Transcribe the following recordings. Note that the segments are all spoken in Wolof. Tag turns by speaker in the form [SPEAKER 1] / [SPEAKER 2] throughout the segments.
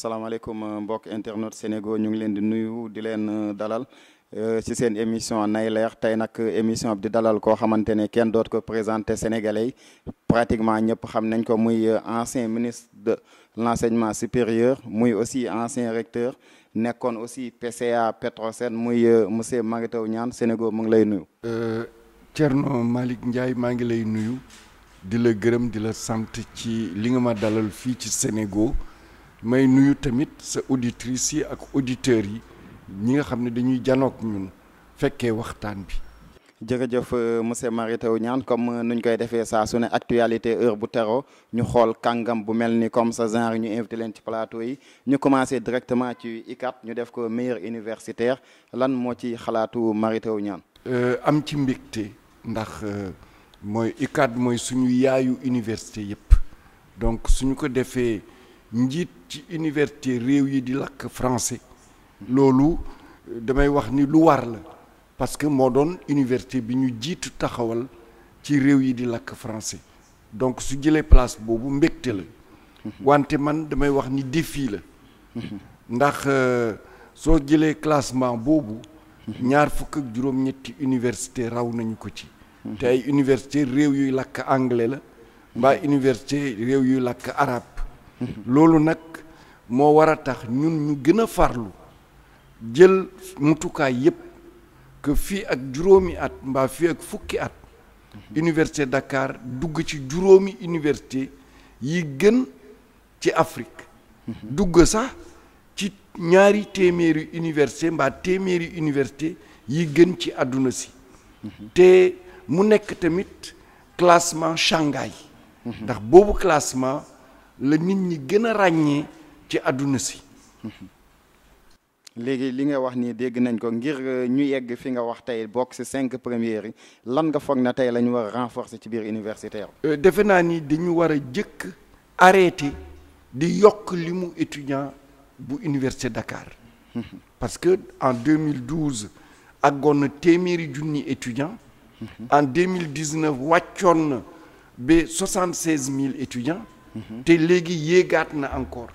[SPEAKER 1] asalaamaaleykum euh, mbokk internet Sénégal ñu ngi leen di nuyu di leen euh, dalal euh, ci seen émission nay leer tey nag émission bi di dalal koo xamante ne kenn doot ko présenté sénégalais pratiquement ñëpp xam nañ ko muy ancien ministre de l'enseignement supérieur muy aussi ancien recteur nekkoon aussi PCA Petrosen muy monsieur Mary ñaan Niane mu ngi lay nuyu.
[SPEAKER 2] Thierno Malick Ndiaye maa ngi lay nuyu di la gërëm di la sant ci li nga ma dalal fii ci Sénégal. may nuyu tamit sa auditrices yi ak auditeurs yi ñi nga xam ne dañuy janoog ñun fekkee waxtaan bi jërëjëf euh, monsieur Mary
[SPEAKER 1] Teuw Niane comme euh, nuñ koy defee saa su ne actualité heure bu tero ñu xool kàngam bu mel ni comme ça genre ñu invité leen ci plateau yi ñu commencé directement ci ICAT ñu def ko meilleur universitaire lan moo ci xalaatu Mary Teuw Niane
[SPEAKER 2] euh, am ci mbégte ndax mooy ICAT mooy suñu yaayu université yëpp donc suñu ko defee njiit ci université réew yi di làkk français loolu damay wax ni lu war la parce que moo doon université bi ñu jiitu taxawal ci réew yi di làkk francais donc su jëlee place boobu mbégte la wante man damay wax ni défi la ndax euh, soo jëlee classement boobu ñaar fukk ak juróom-ñetti université raw nañu ko ci te ay université réew yuy làkk anglais la mbaa université réew yuy làkk arabe loolu nag moo war a tax ñun ñu gën a farlu jël mutukaay yépp que fii ak juróomi at mbaa fii ak fukki at université Dakar dugg ci juróomi université yi gën ci Afrique dugg sax ci ñaari téeméeri université mbaa téeméeri université yi gën ci àdduna si te mu nekk tamit classement Shanghai ndax boobu classement la nit ñi gën a ràññee ci àdduna si léegi li ngay wax ni
[SPEAKER 1] dégg nañ ko ngir euh, ñu yegg fi nga wax tey bokk ci cinq première yi lan nga foog na tey la ñu war a renforcer ci biir universitaire
[SPEAKER 2] euh, defe naa ni dañu war a jëkk arrêté di yokk limu mu étudiant bu université Dakar parce que en 2012 àggoon na téeméeri junni étudiant en 2019 wàccoon na ba soixante seize mille étudiants Mm-hmm. te léegi yéegaat na encore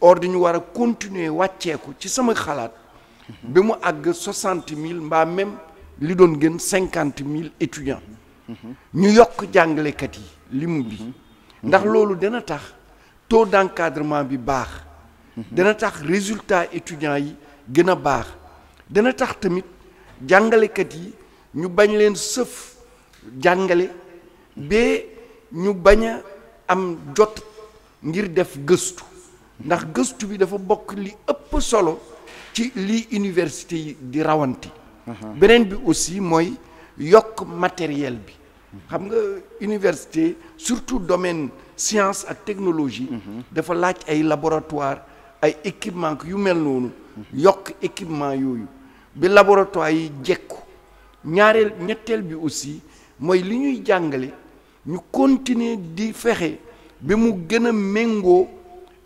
[SPEAKER 2] or dañu war a continuer wàcceeku ci sama xalaat mm-hmm. bi mu àgg soixante mille mbaa même li doon gën cinquante mille étudiants mm-hmm. ñu yokk jàngalekat yi limu bi ndax loolu dana tax taux d'encadrement bi baax dana tax résultat étudiants yi gën a baax dana tax tamit jàngalekat yi ñu bañ leen sëf jàngale ba ñu bañ a am jot ngir def gëstu ndax gëstu bi dafa bokk li ëpp solo ci li université yi di rawanti beneen bi aussi mooy yokk matériel bi xam nga université surtout domaine science ak technologie mhm. dafa laaj ay laboratoire ay équipement yu mel noonu mhm. yokk équipement yooyu bi laboratoire yi jekku ñaareel ñetteel bi aussi mooy li ñuy jàngale ñu continuer di fexe bi mu gën a méngoo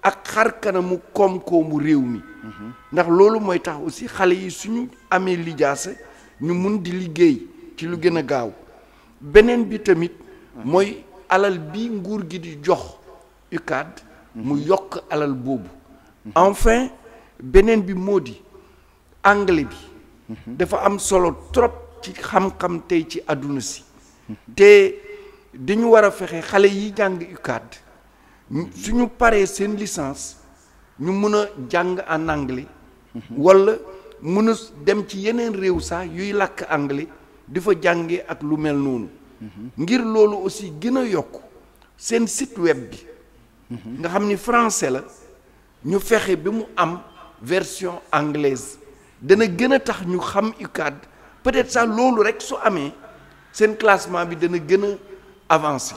[SPEAKER 2] ak xar kanamu koom-koomu réew mi ndax loolu mooy tax aussi xale yi suñu amee lijaasa ñu mun di liggéey ci lu gën a gaaw beneen bi tamit mooy alal bi nguur gi di jox UCAD mu yokk alal boobu enfin beneen bi moo di anglais bi dafa am solo trop ci xam-xam tey ci àdduna si te dañu war a fexe xale yi jàng UCAD suñu paree seen licence ñu mën a jàng en anglais wala mën a dem ci yeneen réew sax yuy làkk anglais di fa jànge ak lu mel noonu ngir loolu aussi gën a yokk seen site web bi nga xam ni français la ñu fexe bi mu am version anglaise dana gën a tax ñu xam UCAD peut-être sax loolu rek su amee seen classement bi dana gën a avance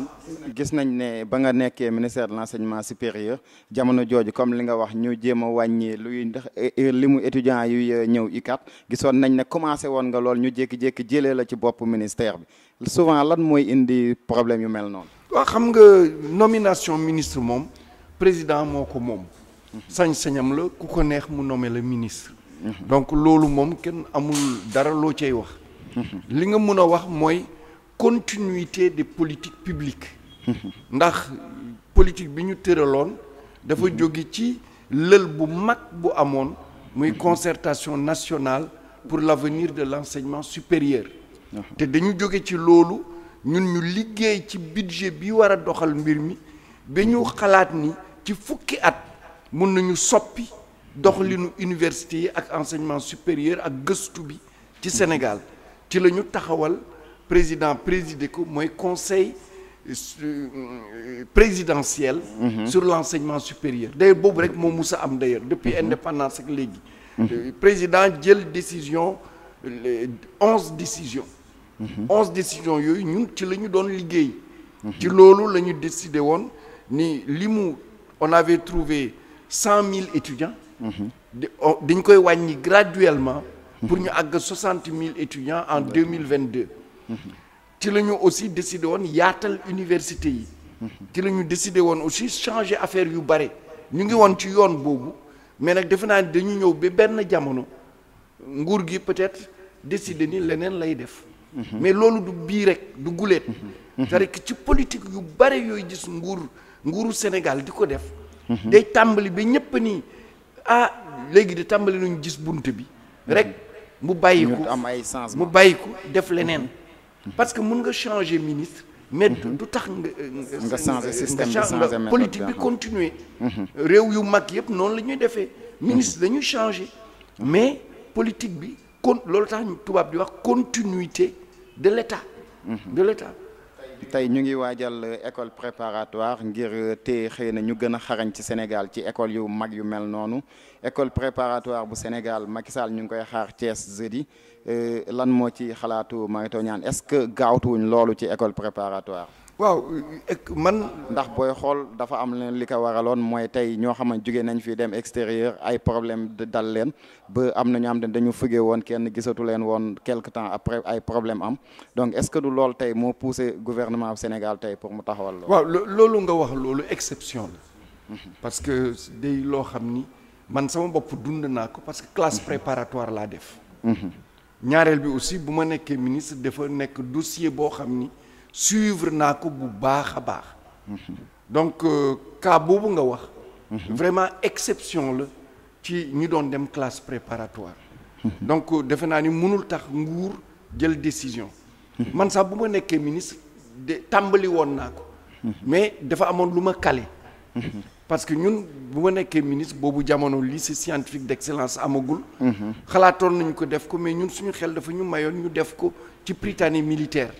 [SPEAKER 1] gis nañ ne ba nga nekkee ministère de l' enseignement supérieur jamono jooju comme li nga wax ñu jéem a wàññi luy ndax eh, eh, li mu étudiant yuy eh, ñëw ICAT gisoon nañ ne commencé woon nga lool ñu jékki-jékki jëlee la ci bopp ministère bi souvent lan mooy indi problème yu mel noonu.
[SPEAKER 2] waaw xam nga nomination ministre moom président moo ko moom. sañ-sañam la ku ko neex mu nommé la ministre. Mhm. donc loolu moom kenn amul dara loo cay wax. Mhm. li nga mun a wax mooy. continuité des politiques publiques ndax politique bi ñu tëraloon dafa jóge ci lël bu mag bu amoon muy concertation nationale pour l'avenir de l'enseignement supérieur te dañu jóge ci loolu ñun ñu liggéey ci budget bi war a doxal mbir mi ba ñu xalaat ni ci fukki at mun nañu soppi doxalinu université yi ak enseignement supérieur ak gëstu bi ci Sénégal ci la ñu taxawal président présider ko mooy conseil euh, présidentiel. Mhm. sur l' enseignement supérieur d'ailleurs boobu rek moo mus a am d'ailleurs depuis mhm. indépendance ak léegi. Mhm. Euh, président jël décision euh, onze décision onze décisions yooyu ñun ci la ñu doon liggéey. ci loolu la ñu décidé woon ni li mu on avait trouvé cent mille étudiants. dañ koy wàññi graduellement. pour ñu àgg soixante mille étudiants en deux mille vingt deux. ci la ñu aussi décidé woon yaatal université yi ci lañu ñu décidé woon aussi changer affaire yu bare ñu ngi woon ci yoon boobu mais nag defe naa dañu ñëw ba benn jamono nguur gi peut-être décidé ni leneen lay def
[SPEAKER 3] mhm. mais loolu
[SPEAKER 2] du bii rek du guleet mhm. cest mhm. ci politique yu bare yooyu gis nguur nguuru Sénégal di ko def day tàmbali bi ñëpp nii ah léegi de tàmbali nañu gis bunt bi rek mu bàyyi ko mu bàyyi ko def leneen parce que mun nga changer ministre. mais du tax euh, nga. nga changer système nga politique bi ah. continuer. Mhm. réew yu mag yëpp noonu la ñuy defee. ministre dañuy changer. Mhm. mais politique bi kon loolu tax tubaab di wax continuité de l' état. Mhm. de l'
[SPEAKER 1] tey ñu ngi waajal école préparatoire ngir euh, te xëy na ñu gën a xarañ ci Sénégal ci école yu mag yu mel noonu école préparatoire bu Sénégal Macky Sall ñu ngi koy xaar Thiès jeudi euh, lan moo ci xalaatu Mary Teuw ñaan est-ce que gaawtuwuñ loolu ci école préparatoire waaw man ndax booy xool dafa am leen li ko waraloon mooy tey ñoo xaman jóge nañ fii dem extérieur ay problème dal leen ba am na ñoo xam ne dañu fëggee woon kenn gisatu leen woon quelque temps après ay problème am donc est-ce que du loolu tey moo poussé gouvernement bu Sénégal tey pour mu taxawal
[SPEAKER 2] waaw loolu nga wax loolu exception la parce que day loo xam ni man sama bopp dund naa ko parce que classe préparatoire laa def mhm. ñaareel bi aussi bu ma nekkee ministre dafa nekk dossier boo xam ni suivre naa ko bu baax a baax donc euh, cas boobu nga wax vraiment exception la ci ñi doon dem classe préparatoire donc euh, defe naa ni mënul tax nguur jël décision man sax bu ma nekkee ministre de tàmbali woon naa ko mais dafa amoon lu ma kale parce que ñun bu ma nekkee ministre boobu jamono lycée scientifique d'excellence amagul mhm. xalaatoon nañu ko def ko mais ñun suñu xel dafa ñu mayoon ñu def ko ci Prytanée militaire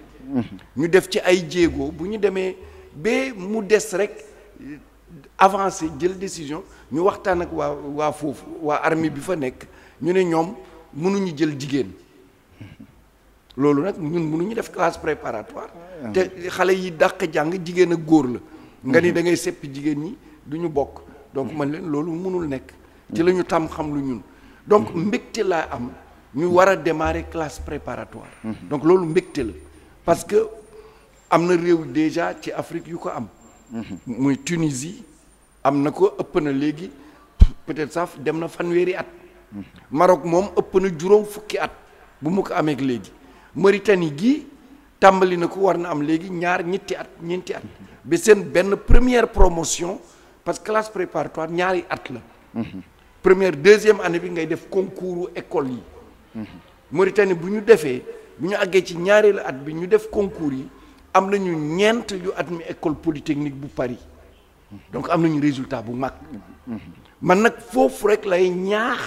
[SPEAKER 2] ñu def ci ay jéego bu ñu demee ba mu des rek avancé jël décision ñu waxtaan ak waa waa foofu waa armée bi fa nekk ñu ne ñoom mënuñu jël jigéen loolu nag ñun mënuñu def classe préparatoire te xale yi daq jàng jigéen ak góor la nga ni mhm. da ngay seppi jigéen ñi du ñu bokk donc man leen loolu mënul nekk ci la ñu tam xam lu ñun donc mhm. mbégte laa am ñu war a démarrer classe préparatoire mhm. donc loolu mbégte la parce que am na réew déjà ci Afrique yu ko am. muy Tunisie am na ko ëpp na léegi peut-être sax dem na fanweeri at. Maroc moom ëpp na juróom fukki at bu mu ko amee léegi Mauritanie gi tàmbali na ko war na am léegi ñaar ñetti at ñeenti at ba seen benn première promotion parce que classe préparatoire ñaari at la. première deuxième année bi ngay def concours école yi. Mauritanie bu ñu defee. bu ñu àggee ci ñaareelu at bi ñu def concours yi am nañu ñeent yu admis école polytechnique bu Paris donc am nañu résultat bu mag man nag foofu rek lay ñaax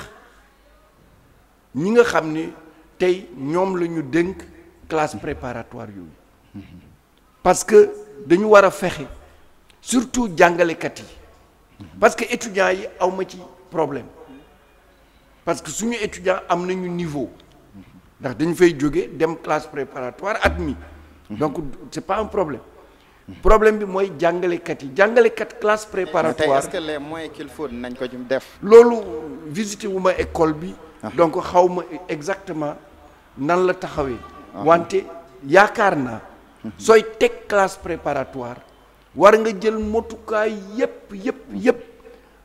[SPEAKER 2] ñi nga xam ni tey ñoom la ñu dénk classe préparatoire yooyu parce que dañu war a fexe surtout jàngalekat yi parce que étudiants yi awma ci problème parce que suñu étudiant am nañu niveau ndax dañu fay jóge dem classe préparatoire admis donc c'est pas un problème problème bi mooy jàngalekat yi jàngalekat classe préparatoire est-ce les moyens qu'il faut nañ ko ci def. loolu visité wu ma école bi. Ah. donc xaw ma exactement nan la taxawee. Ah. wante yaakaar naa. sooy teg classe préparatoire war nga jël motukaay yépp yépp yépp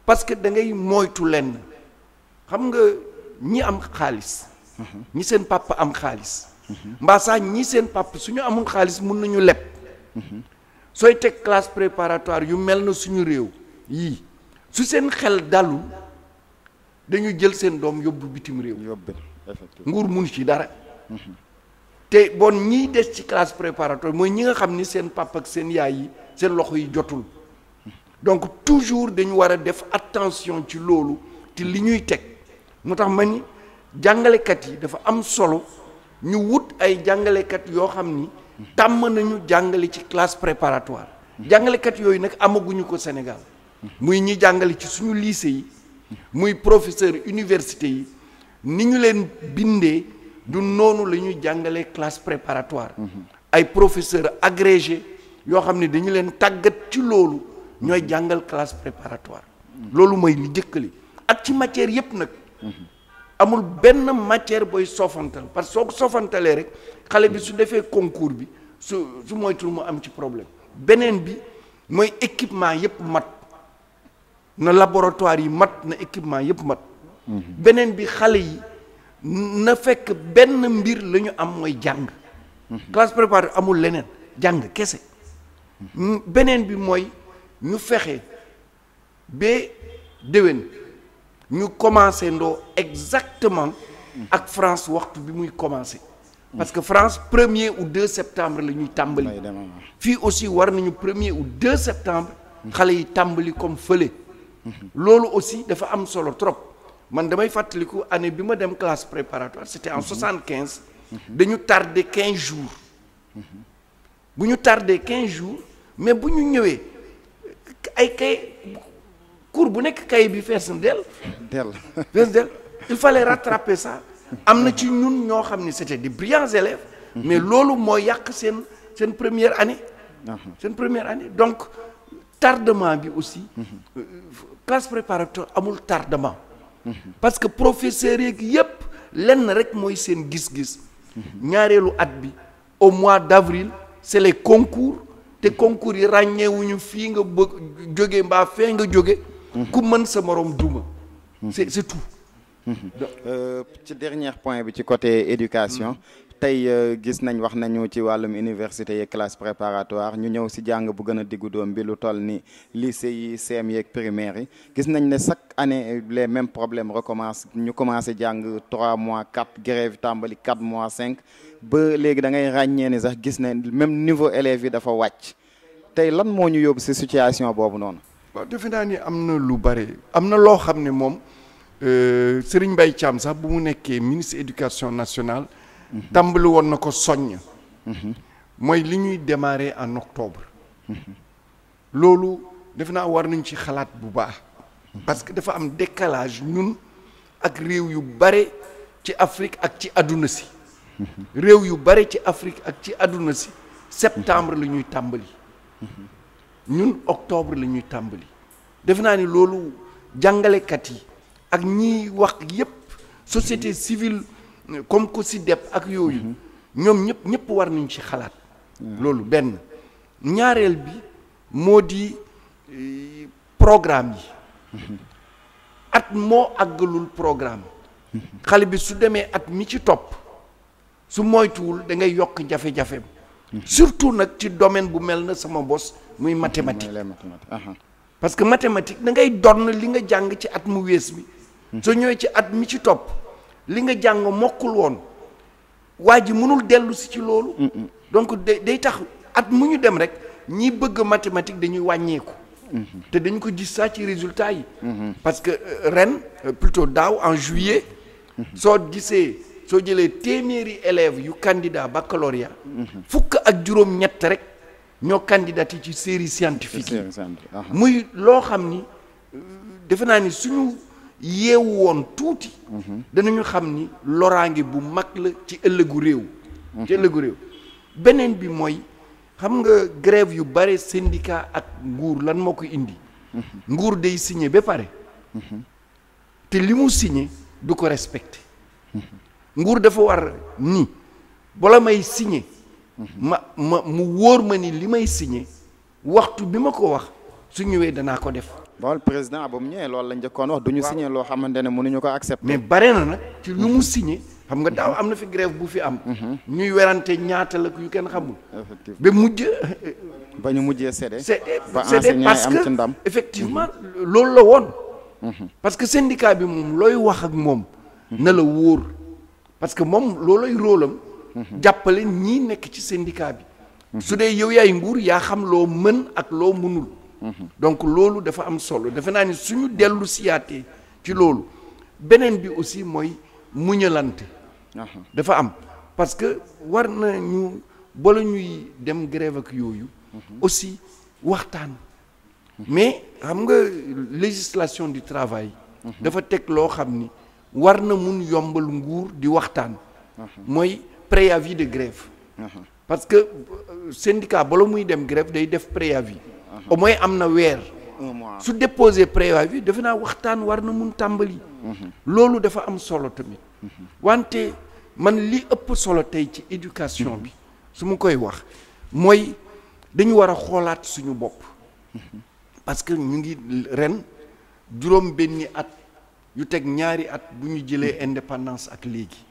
[SPEAKER 2] parce que da ngay moytu lenn xam nga ñi am xaalis. ñi seen papa am xaalis mbaa ñi seen papa suñu amul xaalis mun nañu leb sooy teg classe préparatoire yu mel na suñu réew yii su seen xel dalul dañu jël seen doom yóbbu bitim réew nguur mun ci dara te bon ñiy des ci classe préparatoire mooy ñi nga xam ni seen papa ak seen yaay yi seen loxo yi jotul donc toujours dañu war a def attention ci loolu te li ñuy teg moo tax ma ni jàngalekat yi dafa am solo ñu wut ay jàngalekat yoo xam ni tàmm nañu jàngale ci classe préparatoire jàngalekat yooyu nag amaguñu ko Sénégal muy ñi jàngale ci suñu lycée yi muy professeur université yi ni ñu leen bindee du noonu la ñuy jàngalee classe préparatoire ay professeur agrégé yoo xam ni dañu leen tàggat ci loolu ñooy jàngal classe préparatoire loolu mooy li jëkkali ak ci matière yépp nag amul benn matière booy soofantal parce que soo ko soofantalee rek xale bi su defee concours bi su su moytul mu am ci problème beneen bi mooy équipement yëpp mat na laboratoire yi mat na équipement yëpp mat mhm. beneen bi xale yi na fekk benn mbir la ñu am mooy jàng mhm. classe préparatoire amul leneen jàng kese mhm. beneen bi mooy ñu fexe ba déwén ñu commencé ndoo exactement ak France waxtu bi muy commencé parce que France premier ou deux septembre la ñuy tàmbali fii aussi war nañu premier ou deux septembre xale yi tàmbali comme fële loolu aussi dafa am solo trop man damay fàttaliku année bi ma dem classe préparatoire c'était en mhm. soixante quinze dañu tardé quinze jours bu ñu tardé quinze jours mais bu ñu ñëwee ay kay cours bu nekk kay bi fees na dell. dell fees dell il fallait rattraper ça. am na ci ñun ñoo xam ne c'était des brillants élèves. mais loolu moo yàq seen seen première année. Ah. seen première année donc tardement bi aussi. Euh, classe préparatoire amul tardement. parce que professeurs yeeg yépp lenn rek mooy seen gis-gis. ñaareelu at bi au mois d'avril c'est les concours te concours yi ràññeewuñu fii nga bëgg jóge mbaa fee nga jóge. ku mën sa morom duma c'est c'est
[SPEAKER 1] euh, ci dernier point bi ci côté éducation tey euh, gis nañ wax nañu ci wàllum université yee classe préparatoire ñu ñëw si jàng bu gën a diggu doom bi lu toll ni lycée yi CM yeeg primaire yi gis nañ ne chaque année les mêmes problèmes recommence ñu commencé jàng trois mois quatre grève tàmbali quatre mois cinq ba léegi da ngay ràññee ni sax gis ne même niveau élèves
[SPEAKER 2] yi dafa wàcc tey lan moo ñu yóbbu si situation boobu noonu waaw defe naa ni am na lu bari am na loo xam ne moom euh, Serigne Mbaye Thiam sax bu mu nekkee ministre éducation nationale. Mhm. tàmbali woon na ko soññ. Mhm. mooy li ñuy démarrer en octobre. loolu defe naa war nañ ci xalaat bu baax. parce que dafa am décalage ñun ak réew yu bare ci Afrique ak ci àdduna si. Mhm. réew yu bare ci Afrique ak ci àdduna si. septembre la ñuy tàmbali. ñun octobre la ñuy tàmbali defe naa ni loolu jàngalekat yi ak ñiy wax yépp société civile comme ko si dep ak yooyu mhm. ñoom ñëpp ñëpp war nañ ci xalaat loolu benn ñaareel bi moo di euh, programme yi mhm. at moo àggalul programme mhm. xale bi su demee at mi ci topp su moytuwul dangay yokk jafe-jafeem surtout nag ci domaine bu mel na sama bos muy mathématique parce que mathématique da ngay donn li nga jàng ci at mu wees bi hmm. soo ñëwee ci at mi ci topp li nga jàng mokkul woon waa ji mënul dellu si ci loolu hmm, hmm. donc day tax at mu ñu dem rek ñi bëgg mathématique dañuy wàññeeku te dañ ko gis sax ci résultat yi parce que euh, ren euh, plutôt daaw en juillet soo gisee soo jëlee téeméeri élèves yu candidat baccalauréat fukk ak juróom ñett rek ñoo candidaté ci série scientifique yi muy loo xam ni defe naa ni suñu yeewu woon tuuti mhm. danañu xam ni loraange bu mag la ci ëllëgu réew mhm. ci ëllëgu réew beneen bi mooy xam nga grève yu bare syndicat ak nguur lan moo ko indi mhm. nguur day signé ba pare te li mu signé du ko respecté nguur dafa war ni bala may signé ma ma mu wóor ma ni li may signé waxtu bi ma ko wax su ñëwee danaa ko def. bon
[SPEAKER 1] président ba mu ñëwee loolu la njëkkoon wax du ñu signé loo xamante ne mënuñu ko accepté. mais bare na nag lu mu signé.
[SPEAKER 2] xam nga daaw am na fi grève bu fi am. Mhm. ñuy werante ñaata la yu kenn xamul. ba mujj. Euh, ba ñu mujjee séddee. ba enseignant parce que effectivement loolu la woon. Mhm. parce que syndicat bi moom looy wax ak moom. na la wóor parce que moom loolooy rôle am jàppale ñii nekk ci syndicat bi su dee yow yaay nguur yaa xam loo mën ak loo mënul donc loolu dafa am solo defe naa ni suñu dellu siyaatee ci loolu beneen bi aussi mooy muñalante dafa am parce que war na ñu bala ñuy dem grève ak yooyu aussi waxtaan mais xam nga législation du travail dafa teg loo xam ni war na mun yombal nguur di waxtaan mooy préavis de grève uh-huh. parce que euh, syndicat bala muy dem grève day def préavis uh-huh. au mooy am na weer su déposé préavis defe naa waxtaan war na mun tàmbali uh-huh. loolu dafa am solo tamit wante man li ëpp solo tey ci éducation bi su ma koy wax mooy dañu war a xoolaat suñu bopp parce que ñu ngi ren juróom benni at yu teg ñaari at bu ñu jëlee indépendance ak léegi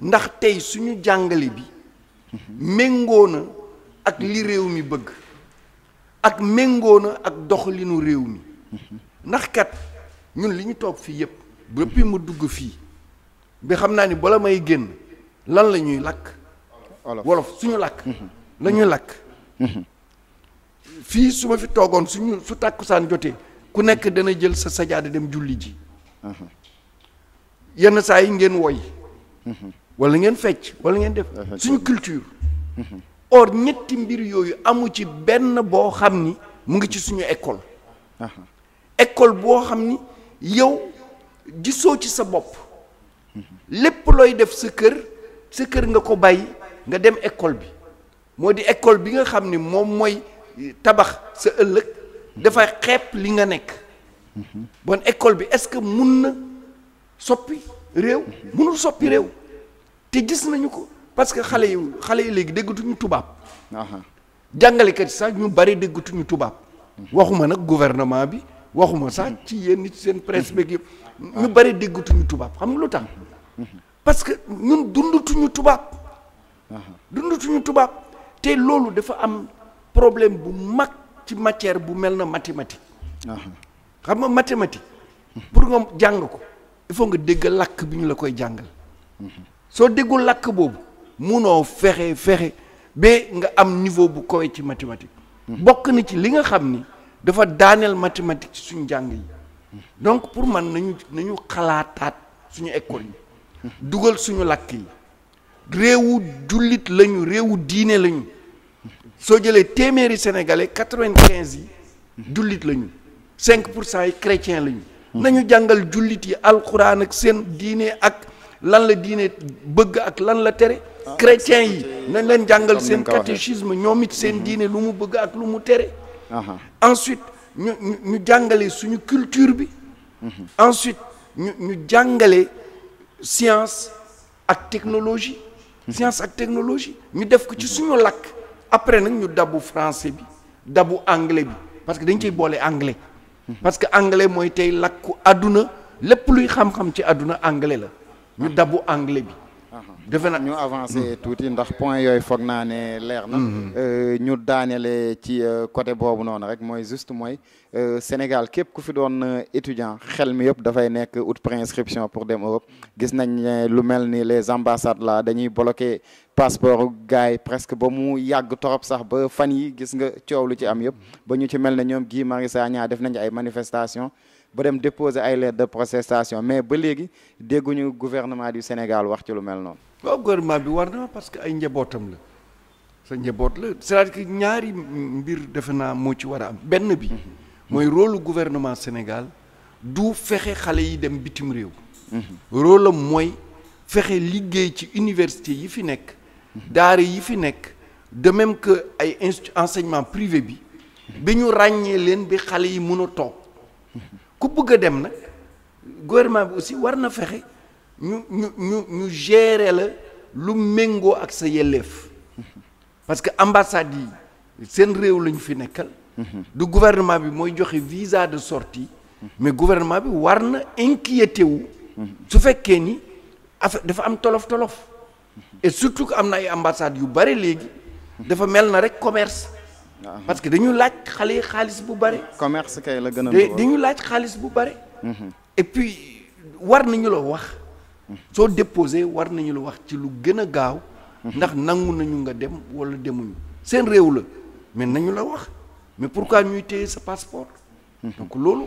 [SPEAKER 2] ndax tey suñu jàngale bi méngoo ak li réew mi bëgg ak méngoo na ak doxalinu réew mi ndax kat ñun li ñu toog fii yëpp depuis mu dugg fii bi xam naa ni bala may génn lan la ñuy lakk wolof suñu lakk mhm. la ñuy lakk mhm. fii su ma fi toogoon suñu su tàkkusaan jotee ku nekk dana jël sa sajaada dem julli ji mhm. yenn saa yi ngeen woy wala ngeen fecc wala ngeen def suñu culture or ñetti mbir yooyu amu ci benn boo xam ni mu ngi ci suñu école ecole boo xam ni yow gisoo ci sa bopp lépp looy def sa kër sa kër nga ko bàyyi nga dem école bi moo di école bi nga xam ni moom mooy tabax sa ëllëg dafa xeeb li nga nekk mhm. bon école bi est-ce que mun na soppi réew mhm. munul soppi réew te gis nañu ko parce que xale yi xale yi léegi déggatuñu tubaab. jàngalekat yi sax ñu bari déggatuñu tubaab. waxuma nag gouvernement bi waxuma sax ci yéen nit seen presse beeg yëpp ñu bari déggatuñu tubaab xam nga lu tax parce que ñun dundatuñu tubaab. dundatuñu tubaab te loolu dafa am problème bu mag ci matière bu mel na mathématique. xam nga mathématique. pour nga jàng ko il faut nga dégg làkk bi ñu la koy jàngal. Mhm. soo déggul làkk boobu munoo fexe fexe ba nga am niveau bu kawe ci mathématique hmm. bokk na ci li nga xam ni dafa daaneel mathématique ci suñu jàng yi hmm. donc pour man nañu nañu xalaataat suñu école yi hmm. dugal suñu làkk yi réewu jullit lañu réewu diine lañu soo jëlee téeméeri sénégalais quatre-vingt-quinze yi jullit lañu cinq pour cent yi chrétien lañu nañu jàngal jullit yi alxuraan ak seen diine ak lan la diine bëgg ak lan la tere ah, chrétien yi nañ leen jàngal seen catéchisme ñoom it seen mm-hmm. diine lu mu bëgg ak lu mu tere ensuite ñu ñu jàngale suñu culture bi mm-hmm. ensuite ñu ñu jàngale science ak technologie mm-hmm. science ak technologie ñu def ko ci suñu lakk après nag ñu dabu français bi dabu anglais bi parce que dañ ciy boole anglais parce que anglais mooy tey lakku àdduna lépp luy xam-xam ci àdduna anglais la ñu dabbu anglais bi. Ah, defe na ñu avancé tuuti ndax point yooyu foog naa ne leer na. Mhm.
[SPEAKER 1] Euh, ñu daaneele ci euh, côté boobu noonu rek mooy juste mooy euh, Sénégal képp ku fi doon étudiant xel mi yëpp dafay nekk ut préinscription pour dem Europe gis nañ ne lu mel ni les ambassades la dañuy bloqué passeport gars yi presque ba mu yàgg torop sax ba fan yi gis nga coow lu ci am yëpp ba ñu ci mel ne ñoom Guy sa Sagna def nañ ay manifestation ba dem déposer ay lettre de protestation mais ba léegi dégguñu gouvernement du Sénégal
[SPEAKER 2] wax ci lu mel noonu. waaw gouvernement bi war na parce que ay njabootam la sa njaboot la c'est-à-dire que ñaari mbir defe naa moo ci war a am benn bi. mooy rôle gouvernement Sénégal du fexe xale yi dem bitim réew. rôle am mooy fexe liggéey ci université yi fi nekk. daara yi fi nekk de même que ay enseignement privé bi. bi ñu ràññee leen bi xale yi mën a toog. ku bëgg a dem nag gouvernement bi aussi war na fexe ñu ñu ñu ñu gérer la lu méngoo ak sa yelleef parce que ambassade yi seen réew la ñu fi nekkal du gouvernement bi mooy joxe visa de sortie mais gouvernement bi war na inquiété wu su fekkee ni affaire dafa am tolof tolof et surtout que am na ay ambassades yu bare léegi dafa mel na rek commerce Uh-huh. parce que dañu laaj xale yi xaalis bu bari. commerce kay la gën a dañu laaj xaalis bu bari. Mm-hmm. et puis war nañu la wax. soo déposé war nañu la wax ci lu gën a gaaw. Mm-hmm. ndax nangu nañu nga dem walla demuñu seen réew la mais nañu la wax mais pourquoi ñuy téye sa passeport. Mm-hmm. donc loolu.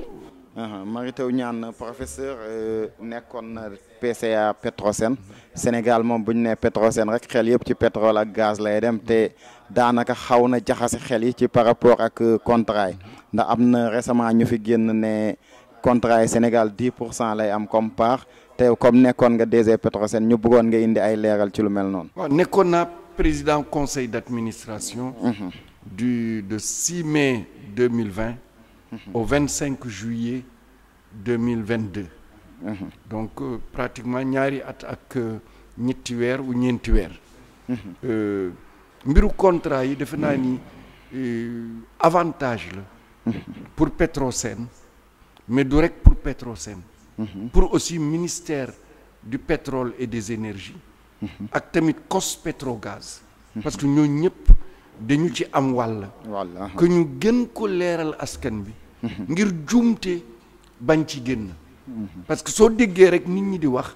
[SPEAKER 1] Uh-huh. Mary Teuw Niane professeur euh, nekkoon na PCA Petrosen Sénégal moom bu ñu ne Petrosen rek xel yëpp ci pétrole ak gaz lay dem te. daanaka xaw na jaxase xel yi ci par rapport ak euh, contrat yi ndax am na récemment ñu fi génn ne contrat yi Sénégal 10 pour cent lay am comme part te comme nekkoon nga DG Petrosen ñu bëggoon nga indi ay leeral ci lu mel noonu.
[SPEAKER 2] nekkoon na président conseil d'administration. Mhm. du de 6 mai 2020. Mhm. au 25 juillet 2022. Mhm. donc euh, pratiquement ñaari at ak euh, ñetti weer ou ñeenti weer. mbiru contrat yi defe naa ni euh, avantage la pour Petrosen mais du rek pour Petrosen pour aussi ministère du pétrole et des énergies ak tamit cos Pétrogaz parce que ñooñ ñëpp dañu ci am wàll que ñu gën ko leeral askan bi ngir juumte bañ ci génn parce que soo déggee rek nit ñi di wax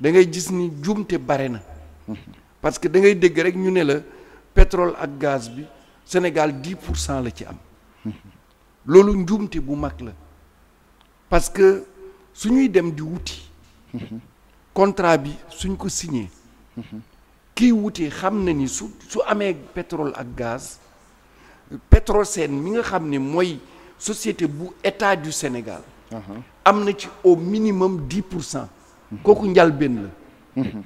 [SPEAKER 2] da ngay gis ni juumte bare na parce que da ngay dégg rek ñu ne la pétrole ak gaz bi Sénégal 10 pour cent la ci am loolu njuumte bu mag la parce que su ñuy dem di wuti contrat bi suñ ko signé kiy wuti xam na ni su su amee pétrole ak gaz Petrosen mi nga xam ne mooy société bu état du Sénégal am na ci au minimum 10 pour cent kooku njalbeen la mhm.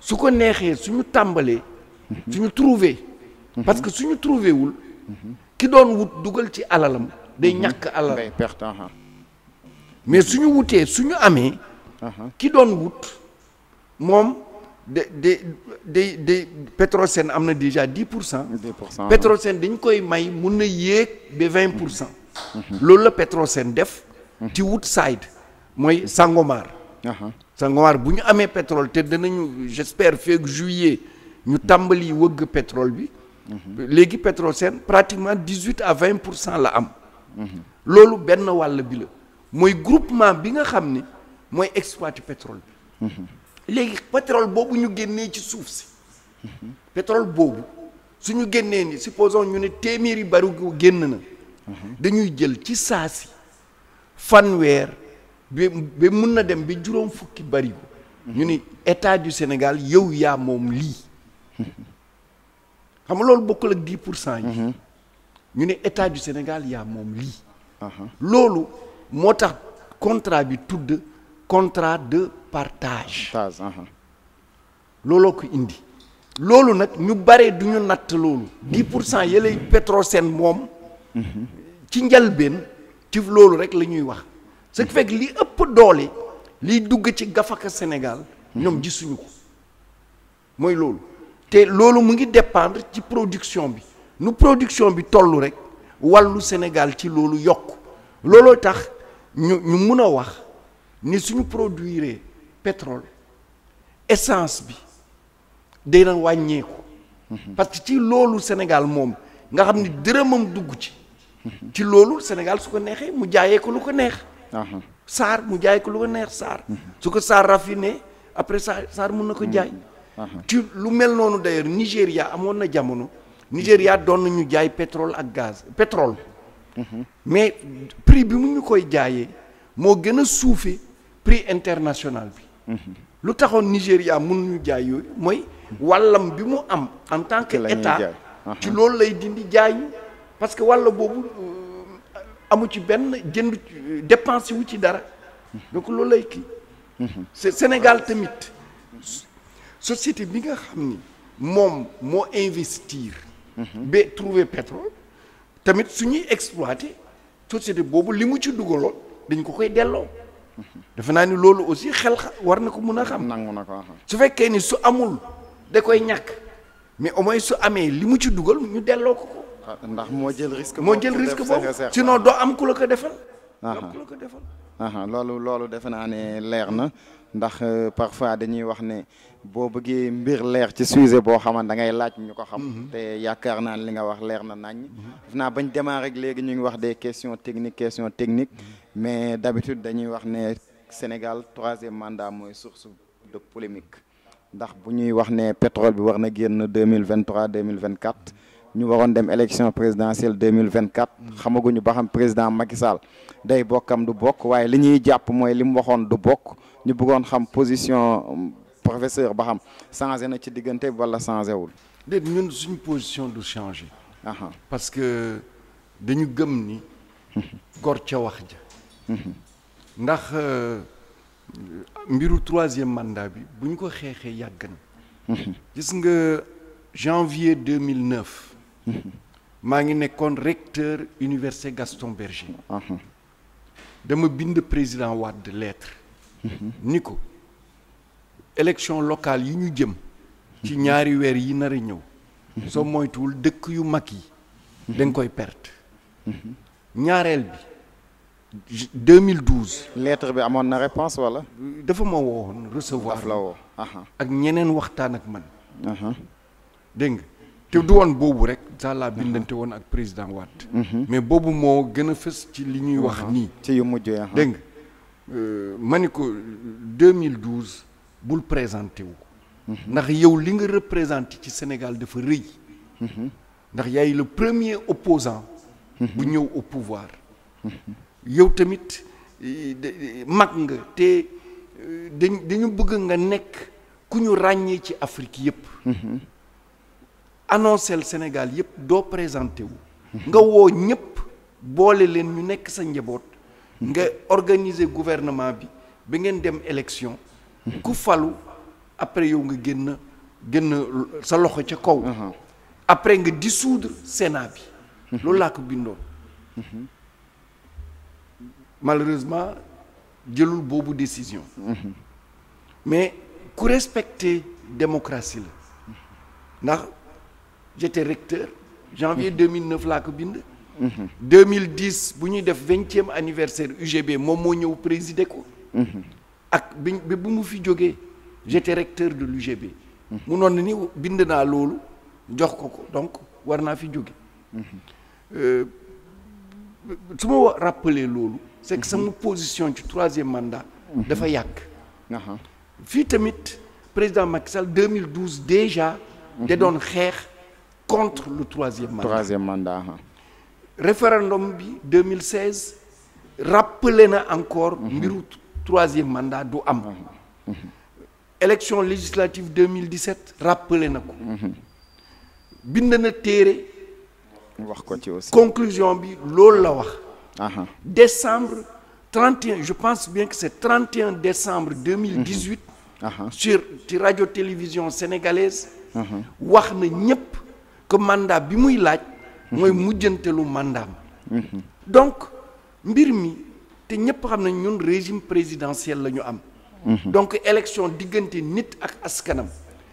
[SPEAKER 2] su ko neexee suñu tàmbalee Mm-hmm. ñu trouvé mm-hmm. parce que suñu trouvé wul ki doon wut dugal ci alalam day mm-hmm. ñàkk alal day perte uh-huh. mais suñu wutee suñu amee uh-huh. ki doon wut moom de de de de Petrosen am na déjà dix pour cent uh-huh. Petrosen dañ koy may mun na yéeg ba vingt pour cent loolu la Petrosen def ci Woodside mooy Sangomar Sangomar bu ñu amee pétrole te danañu j'espère feeg juillet ñu tàmbali wëgg pétrole bi. léegi Petrosen pratiquement dix huit à vingt pour cent la am. loolu benn wàll bi la mooy groupement bi nga xam ni mooy exploiter pétrole bi. léegi pétrole boobu ñu génnee ci suuf si. pétrole boobu su ñu génnee ni supposons ñu ne téeméeri barigo génn na. dañuy jël ci saa si fanweer ba ba mun na dem ba juróom fukki barigo. ñu ni état du Sénégal yow yaa moom lii. xam loolu bokkul ak dix pour cent yi. Mhm. ñu ne état du Sénégal yaa moom lii. Uh-huh. loolu moo tax contrat bi tudd contrat de partage. Uh-huh. looloo ko indi. loolu nag ñu bare du ñu natt loolu. dix pour cent yëlay Petrosen moom. Mhm. ci njalbeen ci loolu rek la ñuy wax. ce qui fait li ëpp doole liy dugg ci gafaka Sénégal. Mhm. ñoom gisuñu ko mooy loolu. te loolu mu ngi dépendre ci production bi nu production bi tollu rek wàllu Sénégal ci loolu yokk looloo tax ñu ñu mun a wax ni suñu produire pétrole essence bi na wàññeeku mhm. parce que ci loolu Sénégal moom nga xam ni dërëmam dugg ci mhm. ci loolu Sénégal su ko neexee mu jaayee ko lu ko neex saar mu jaayee ko lu ko neex saar mhm. su ko saar raffiné après saar saar mun na ko jaay ci uh-huh. lu mel noonu d'ailleurs Nigéria amoon na jamono Nigéria mm-hmm. doon nañu jaay pétrole ak gaz pétrole mm-hmm. mais prix bi mu ñu koy jaayee moo gën a suufe prix international bi mm-hmm. lu taxoon Nigéria mënuñu jaay yooyu mooy wallam bi mu am en tant que état ci uh-huh. loolu lay dindi jaay parce que wàll boobu euh, amu ci benn jënd dépensé wu ci dara donc loolu lay kii Sénégal tamit société bi nga xam ni moom moo investir. be trouver pétrole. tamit su ñuy exploiter société boobu li mu ci dugaloo dañ ko koy delloo. defe naa ni loolu aussi xel war na ko mun a xam. nangu na ko su fekkee ni su amul da koy ñàkk mais au moins su amee li mu ci dugal ñu delloo ko ko. Ah, ndax moo jël risque. moo jël risque boobu sinon doo am ku la ko defal. doo am ku la ko
[SPEAKER 1] defal. loolu loolu defe naa ne leer na. ndax euh, parfois dañuy wax ne boo bëggee mbir leer ci sujet boo xamante da ngay laaj ñu ko xam. Mhm. te yaakaar naa li nga wax leer na nañ. Mhm. def naa bañ démarrer rek léegi ñu ngi wax des questions techniques questions techniques mhm. mais d'habitude dañuy wax ne Sénégal troisième mandat mooy source de polémique ndax bu ñuy wax ne pétrole bi war na génn deux mille vingt trois deux mille vingt quatre ñu waroon dem élection présidentielle 2024 xamaguñu ba xam président Macky Sall day bokkam du bokk waaye li ñuy jàpp mooy li mu waxoon du bokk. ñu bëggoon xam position professeur
[SPEAKER 2] ba xam changé na ci
[SPEAKER 1] diggante wala changé wul.
[SPEAKER 2] déet ñun suñu position du changé. parce que dañu gëm ni. kor ca wax ja. ndax euh, mbiru troisième mandat bi bu ñu ko xeexee yàgg na. gis nga janvier 2009. maa ngi nekkoon recteur université Gaston Berger. dama bind président Wade lettre. ni ko élection locale yi ñu jëm ci ñaari weer yi nar ñëw soo moytuwul dëkk yu mag yi dañ koy perte ñaareel bi 2012 lettre bi amoon na réponse wala dafa ma wowoon recevoir la ak ñeneen waxtaan ak man dégg nga te du woon boobu rek ça la bindante woon ak président Wade mhm. mais boobu moo gën a fës ci li ñuy wax nii ci yu dégg nga Euh, ma ni ko 2012 bul présenté wu. Mhm. ndax yow li nga représenté ci Sénégal dafa rëy. Mhm. ndax yaay la premier opposant mhm. bu ñëw au pouvoir. yow tamit eh, eh, mag nga te eh, dañ dañu bëgg nga nekk ku ñu ràññee ci Afrique yëpp. annoncel Sénégal yëpp doo présenté wu. nga woo ñëpp boole leen ñu nekk sa njaboot. nga organiser gouvernement bi bi ngeen dem élection ku falu après yow nga génn génn sa loxo ca kaw uh-huh. après nga dissoudre Sénat bi uh-huh. loolu laa ko bindoon uh-huh. malheureusement jëlul boobu décision mais ku respecter démocratie la ndax j'étais recteur janvier 2009 laa ko bind deux mille 2010 bu ñuy def vingtième anniversaire UGB moom moo ñëw présider ko. ak bi bu mu fi jógee j'étais recteur de l'UGB. mu noon ni bind naa loolu jox ko ko donc war naa fi jóge. Euh, su ma rappeler loolu. c'est que sama position ci troisième mandat. dafa yàgg. fii tamit président deux Sall 2012 déjà. da doon xeex contre lu troisième mandat troisième mandat. référendum bi 2016 rappelé na encore mhm. mbiru mm troisième mandat du am mm -hmm. élection législative 2017 rappelé na ko mhm. bind na téere
[SPEAKER 1] wax ko ci aussi
[SPEAKER 2] conclusion bi loolu la wax décembre 31 je pense bien que c'est 31 décembre 2018 mhm. sur ci radio télévision sénégalaise wax na ñépp que mandat bi muy laaj mooy mujjantelu mandaam donc mbir mi te ñëpp xam nañ ñun régime présidentiel la ñu am donc élection diggante nit ak askanam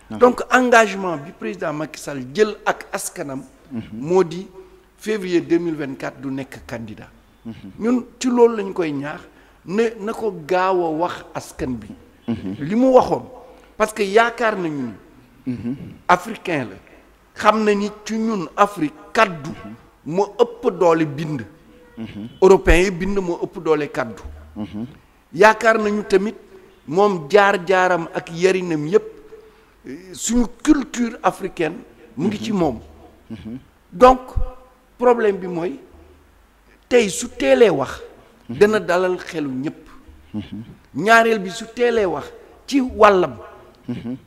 [SPEAKER 2] donc engagement bi président Macky Sall jël ak askanam moo di février 2024 du nekk candidat ñun ci loolu lañ koy ñaax na na ko gaaw a wax askan bi mhm. li mu waxoon parce que yaakaar nañu ni mhm. africain la xam na ni ci ñun Afrique kaddu moo ëpp doole bind européens yi bind moo ëpp doole kaddu yaakaar nañu tamit moom jaar-jaaram ak yarinam yépp suñu culture africaine mu ngi ci moom donc problème bi mooy tey su teelee wax dana dalal xelu ñépp ñaareel bi su teelee wax ci wàllam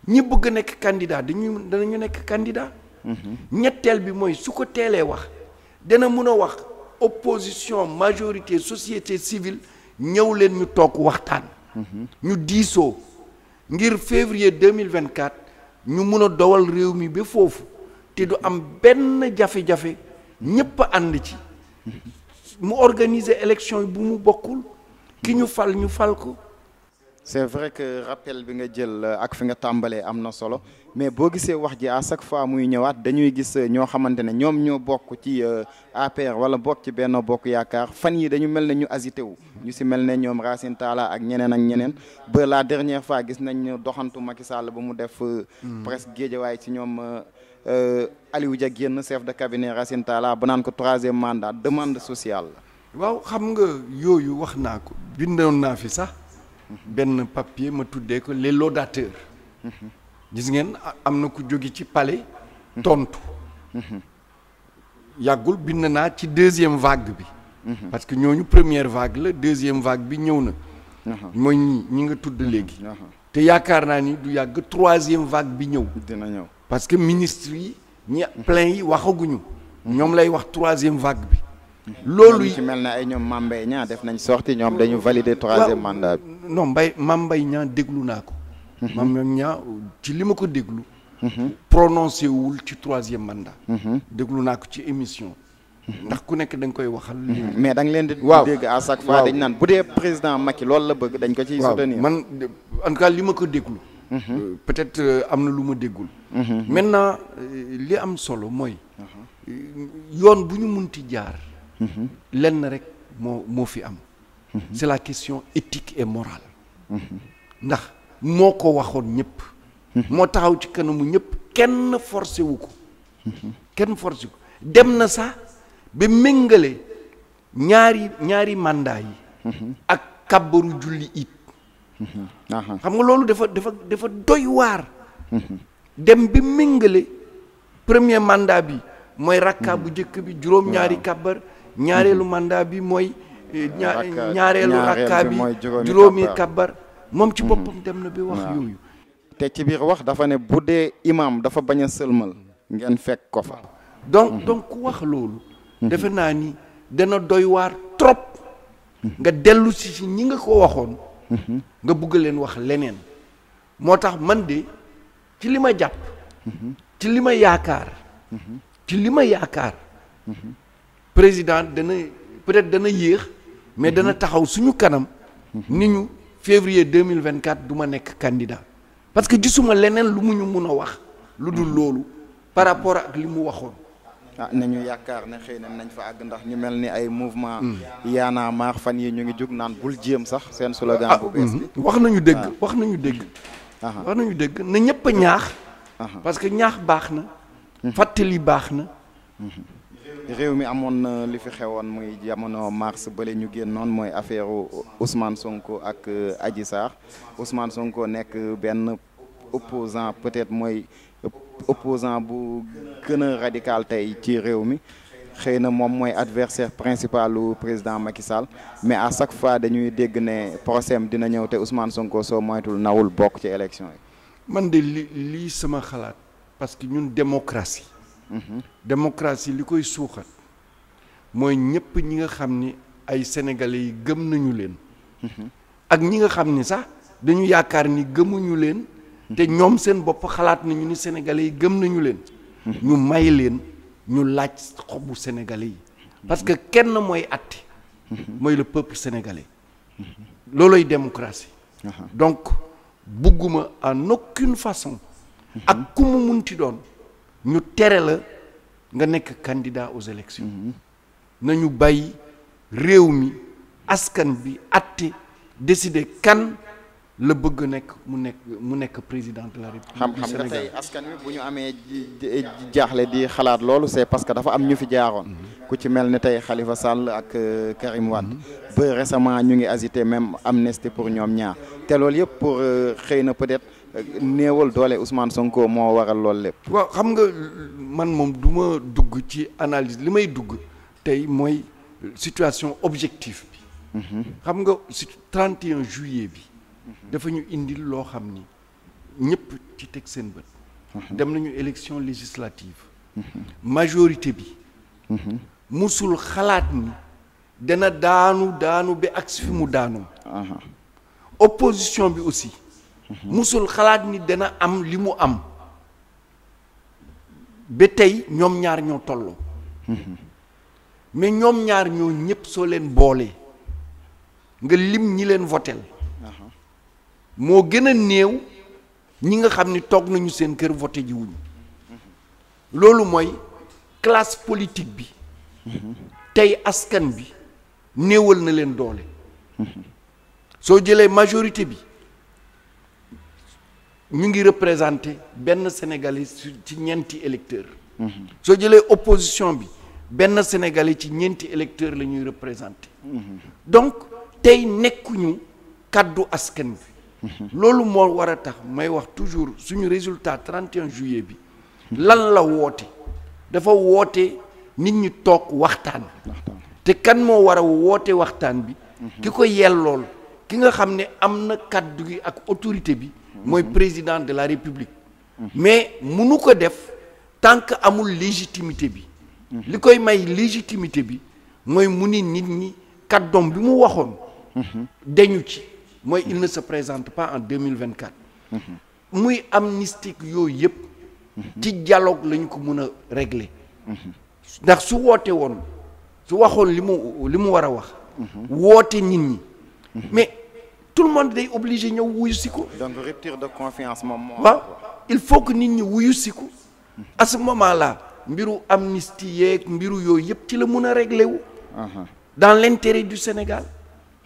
[SPEAKER 2] ñi bëgg nekk candidat dañuy ñu nekk candidat Mm-hmm. ñetteel bi mooy su ko teelee wax dana mun a wax opposition majorité société civile ñëw leen ñu toog waxtaan. Mm-hmm. ñu diisoo ngir février deux mille vingt quatre ñu mun a dowal réew mi ba foofu te du am benn jafe-jafe ñépp a ànd ci. Mm-hmm. mu organiser élection yi bu mu bokkul ki ñu fal ñu fal ko. c'est vrai que rappel bi nga jël euh, ak fi nga tàmbalee
[SPEAKER 1] am na solo mais boo gisee wax ji à chaque fois muy ñëwaat dañuy gis euh, ñoo xamante ne ñoom ñoo bokk ci euh, APR wala bokk ci Benno Bokk Yaakaar fan yi dañu mel na ñu agité wu ñu si mel ne ñoom Racine Talla ak ñeneen ak ñeneen ba la dernière fois gis nañ doxantu Macky Sall ba mu def hmm. presque waaye ci ñoom Aliou Dia génn chef de cabinet Racine Talla ba naan ko troisième mandat demande sociale
[SPEAKER 2] la waaw xam naa ko sax benn papier ma tuddee ko les laudateurs gis ngeen am na ku jóge ci pale tontu yàggul bind naa ci deuxième vague bi parce que ñooñu première vague la deuxième vague bi ñëw na mooy ñi ñi nga tudd léegi te yaakaar naa ni du yàgg troisième vague bi ñëw dina ñëw parce que ministre yi ñi plein yi waxaguñu
[SPEAKER 1] ñoom lay wax troisième vague bi loolu ci mel ne ay ñoom Mame Mbaye def nañ sorti ñoom dañu valider troisième mandat bi.
[SPEAKER 2] non Mbaye Mame Mbaye déglu naa ko. Mhm. Mame ñaa ci li ma ko déglu. Mhm. prononcé wul ci troisième mandat. Mhm. déglu naa ko ci émission. ndax ku nekk dañ koy waxal. mais da leen di. waaw dégg à chaque fois dañ naan bu dee
[SPEAKER 1] président Macky loolu la bëgg dañ ko ciy soutenir. man
[SPEAKER 2] en tout cas li ma ko déglu. Euh, peut-être euh, am na lu ma déggul. maintenant euh, li am solo mooy. yoon bu ñu munti jaar. Mhm. lenn rekk moo moo fi am mhm. c'est la question éthique et morale mhm. ndax moo ko waxoon ñëpp moo taxaw ci kanamu ñëpp kenn forcé wu ko kenn forcé ko dem na sax ba méngale ñaari ñaari mandat yi ak kàbbaru julli it xam nga loolu dafa dafa dafa doy waar dem bi méngale premier mandat bi mooy rakkaa bu njëkk bi juróom-ñaari kàbbar ñaareelu mandat bi mooy eh, ñaareelu rakka bi juróomi kabbar moom ci mhm. boppam dem na bi wax yooyu te ci biir wax
[SPEAKER 1] dafa ne bu dee imaam dafa bañ a sëlmal ngeen fekk ko fa donc mhm. donc ku wax
[SPEAKER 2] loolu mhm. defe naa ni dana doy waar trop nga dellu si si ñi nga ko waxoon nga bugg leen wax leneen moo tax man de ci li ma jàpp ci li ma yaakaar ci li ma yaakaar président dana peut-être dana yéex mais dana mhm. taxaw suñu kanam mhm. ni ñu février 2024 du ma nekk candidat parce que gisuma leneen lu mu ñu mun a wax lu dul mhm. loolu par rapport ak li mu waxoon ah nañu
[SPEAKER 1] yaakaar ne xëy na nañ fa àgg ndax ñu mel ni ay mouvement mm. yaana maax fan yi ñu ngi jóg naan bul
[SPEAKER 2] jéem sax seen slogan ah, bu bees wax nañu dégg wax nañu dëgg ah. nañu dëgg na ñëpp ñaax parce que ñaax baax na mm-hmm. fàttali baax na mm-hmm.
[SPEAKER 1] réew mi amoon na li fi xewoon muy jamono mars bale ñu génnoon mooy affaire Ousmane Sonko ak euh, aji Sarr Ousmane Sonko nekk benn opposant peut-être mooy opposant bu gën a radical tey ci réew mi xëy na moom mooy adversaire principal lu président Macky Sall mais à chaque fois dañuy dégg ne procès dina ñëw te Ousmane Sonko soo moytul nawul bokk ci élection yi.
[SPEAKER 2] man de li li sama xalaat parce que ñun démocratie. démocratie li koy suuxat mooy ñëpp ñi nga xam ni ay sénégalais yi gëm nañu leen. ak ñi nga xam ni sax dañu yaakaar ni gëmuñu leen. te ñoom seen bopp xalaat nañu ni sénégalais yi gëm nañu leen. ñu may leen ñu laaj xobu sénégalais yi. parce que kenn mooy àtte. mooy le peuple sénégalais. looloy démocratie. donc bugguma en aucune façon. ak ku mu munti doon. ñu tere la nga nekk candidat aux élections nañu bàyyi réew mi askan bi àtte décider kan la bëgg nekk mu nekk mu nekk président de la république xam xam nga tey
[SPEAKER 1] askan wi bu ñu amee jaaxle
[SPEAKER 2] di xalaat loolu c'est parce que dafa am ñu fi
[SPEAKER 1] jaaroon mhm. ku ci mel ne tey Khalifa Sall ak euh, Karim Wade ba récemment ñu ngi agité même amnistie pour ñoom ñaar te loolu yëpp pour euh, xëy na peut néewal doole Ousmane Sonko moo waral lool lépp.
[SPEAKER 2] waaw xam nga man moom duma dugg ci analyse li may dugg tey mooy situation objectif bi. Mhm. xam nga si juillet bi. Mhm. dafa ñu indi loo xam ni ñëpp ci teg seen bët. Mhm. dem nañu élection législative. majorité bi. musul xalaat ni dana daanu daanu bi ak fi mu daanoo. opposition bi aussi. musul xalaat ni dana am li mu am ba tey ñoom ñaar ñoo tolloo mais ñoom ñaar ñoo ñëpp soo leen boole nga lim ñi leen votel moo gën a néew ñi nga xam ni toog nañu seen kër voté ji loolu mooy classe politique bi tey askan bi néewal na leen doole soo jëlee majorité bi ñu ngi représenté benn sénégalais ci ñeenti électeur mhm. soo jëlee opposition bi benn sénégalais ci ñeenti électeur la ñuy représenté mhm. donc tey nekkuñu kàddu askan bi mhm. loolu moo war a tax may wax toujours suñu résultat 31 juillet bi lan la woote dafa woote nit ñi toog waxtaan te kan moo war a woote waxtaan bi ki ko yellool ki nga xam ne am na kaddu gi ak autorité bi mooy président de la république mais munu ko def tant que amul légitimité bi li koy may légitimité bi mooy mu ni nit ñi kàddoom bi mu waxoon dañu ci mooy il ne se présente pas en 2024 muy amnistique yooyu yëpp ci dialogue lañu ko mun a régler ndax su woote woon su waxoon li mu li mu war a wax mhm. woote nit ñi mais tout le monde day obligé ñëw wuyu si ko. donc
[SPEAKER 1] rupture de confiance moom moo waaw
[SPEAKER 2] il faut que nit ñi wuyu si ko à ce moment là mbiru amnistie yeeg mbiru yooyu yëpp ci la mun a réglé wu. Uh-huh. dans l' intérêt du Sénégal.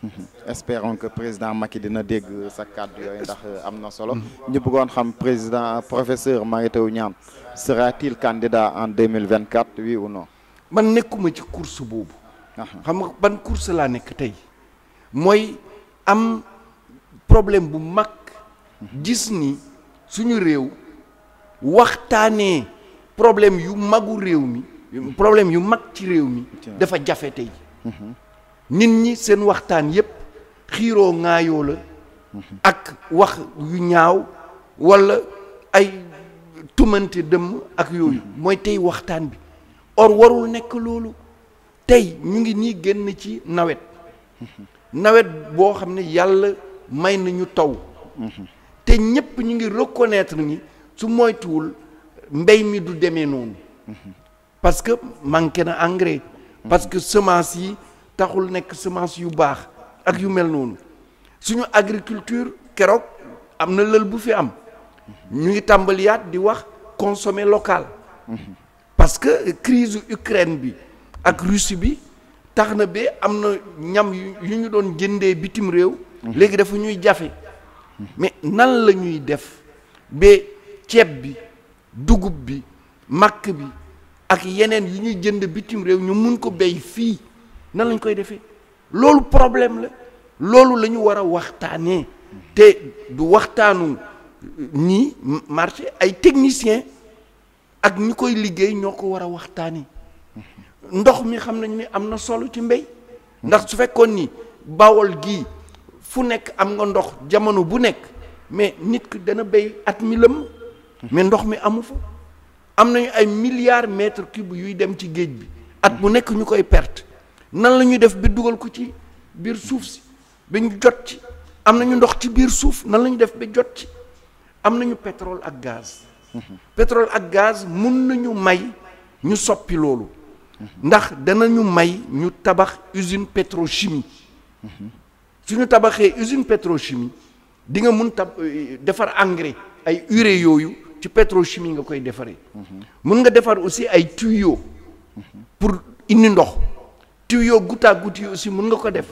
[SPEAKER 1] Uh-huh. espérons que président Macky dina dégg sa kàddu yooyu ndax uh, am na solo. ñu bëggoon xam président professeur Mary Teuw Niane sera-t-il en deux mille vingt quatre oui ou non. man
[SPEAKER 2] nekkuma ci course boobu. Uh-huh. xam nga ban course laa nekk tey mooy am. problème bu mag gis ni suñu réew waxtaanee problème yu magu réew mi problème yu mag ci réew mi dafa jafe tey nit ñi seen waxtaan yépp xiiroo ŋaayoo la ak wax yu ñaaw walla ay tumante dëmm ak yooyu mooy tey waxtaan bi or warul nekk loolu tey ñu ngi nii génn ci nawet nawet boo xam ne yàlla may nañu taw te ñëpp ñu ngi reconnaître ni su moytuwul mbéy mi du demee noonu parce que manqué na engrais parce que semence yi taxul nekk semence yu baax ak yu mel noonu suñu agriculture keroog am na lël bu fi am ñu ngi tàmbaliyaat di wax consommer locale parce que crise Ukraine bi ak Russie bi tax na ba am na ñam yu ñu doon jëndee bitim réew léegi dafa ñuy jafe mais nan lañuy def ba ceeb bi dugub bi màkk bi ak yeneen yu ñuy jënd bitim réew ñu mun ko béy fii nan lañ koy defee loolu problème la loolu lañu ñu war a waxtaanee te du waxtaanu nii marché ay technicien ak ñi koy liggéey ñoo ko war a waxtaanee ndox mi xam nañ ne am na solo ci mbéy ndax su fekkoon ni bawol gii fu nekk am nga ndox jamono bu nekk mais nit ki dana bay at mi lëmm mais ndox mi amu fa am nañu ay milliards mètres cubes yuy dem ci géej bi at bu nekk ñu koy perte nan la ñuy def bi dugal ko ci biir suuf si bi ñu jot ci am nañu ndox ci biir suuf nan la def ba jot ci am nañu pétrole ak gaz pétrole ak gaz mun nañu may ñu soppi loolu ndax danañu may ñu tabax usine pétrochimie suñu tabaxee usine pétrochimie di nga mun tab euh, defar engrais ay urée yooyu ci pétrochimie nga koy defaree. Mm-hmm. mun nga defar aussi ay tuyaux mm-hmm. pour indi ndox tuyaux goutte à goutte yi aussi mun nga ko def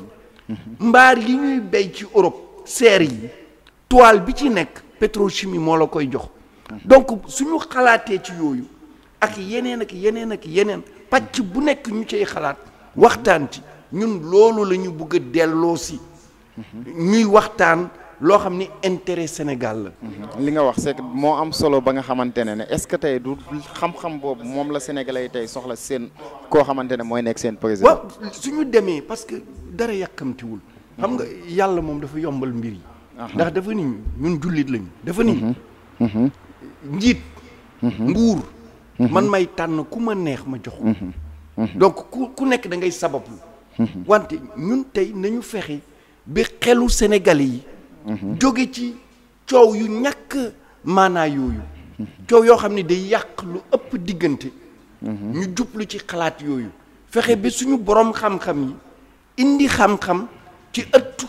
[SPEAKER 2] mm-hmm. mbaar yi ñuy bey ci Europe serre yi toile bi ci nekk pétrochimie moo la koy jox donc suñu xalaatee ci yooyu ak yeneen ak yeneen ak yeneen pàcc bu nekk ñu ciy xalaat waxtaan ci ñun loolu lañu bugg bëgg delloo si ñuy waxtaan loo xam ni intérêt Sénégal la. li nga wax c'est moo am
[SPEAKER 1] solo ba nga xamante ne ne est-ce que tey du xam-xam boobu moom la sénégalais tey soxla seen koo xamante ne mooy nekk seen président. waaw
[SPEAKER 2] suñu demee parce que dara yàkkamtiwul. xam nga yàlla moom dafa yombal mbir yi. ndax dafa ni ñun jullit lañu. dafa ni mhm. Mhm. njiit. Mhm. nguur. man may tànn ku ma neex ma jox donc ku ku nekk da ngay sabablu. wante ñun tey nañu fexe. bi xelu Sénégalais yi. Mhm. jóge ci coow yu ñakk maanaa yooyu. Mhm. coow yoo xam ne day yàq lu ëpp diggante. Mhm. ñu jublu ci xalaat yooyu. fexe ba suñu borom xam-xam yi indi xam-xam ci ëttu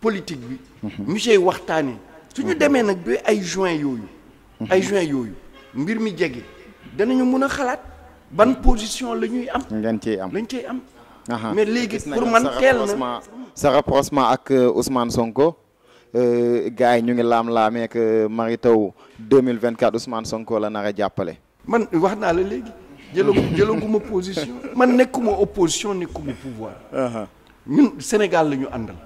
[SPEAKER 2] politique bi. ñu sey waxtaanee. suñu demee nag ba ay juin yooyu. ay juin yooyu mbir mi jege danañu mun a xalaat ban position la ñuy am.
[SPEAKER 1] lañ cey am lañ cey am. mais léegi pour man teel na. sa rapprochement ak euh, Ousmane Sonko euh, gars yi ñu ngi laam-laamee ak euh, Mary Teuw 2024 Ousmane Sonko la nar jàppale.
[SPEAKER 2] man wax naa la léegi. jëlagu jëlaguma position. man nekkuma opposition nekkuma pouvoir.
[SPEAKER 1] Uh-huh. ñun Sénégal la ñu àndal.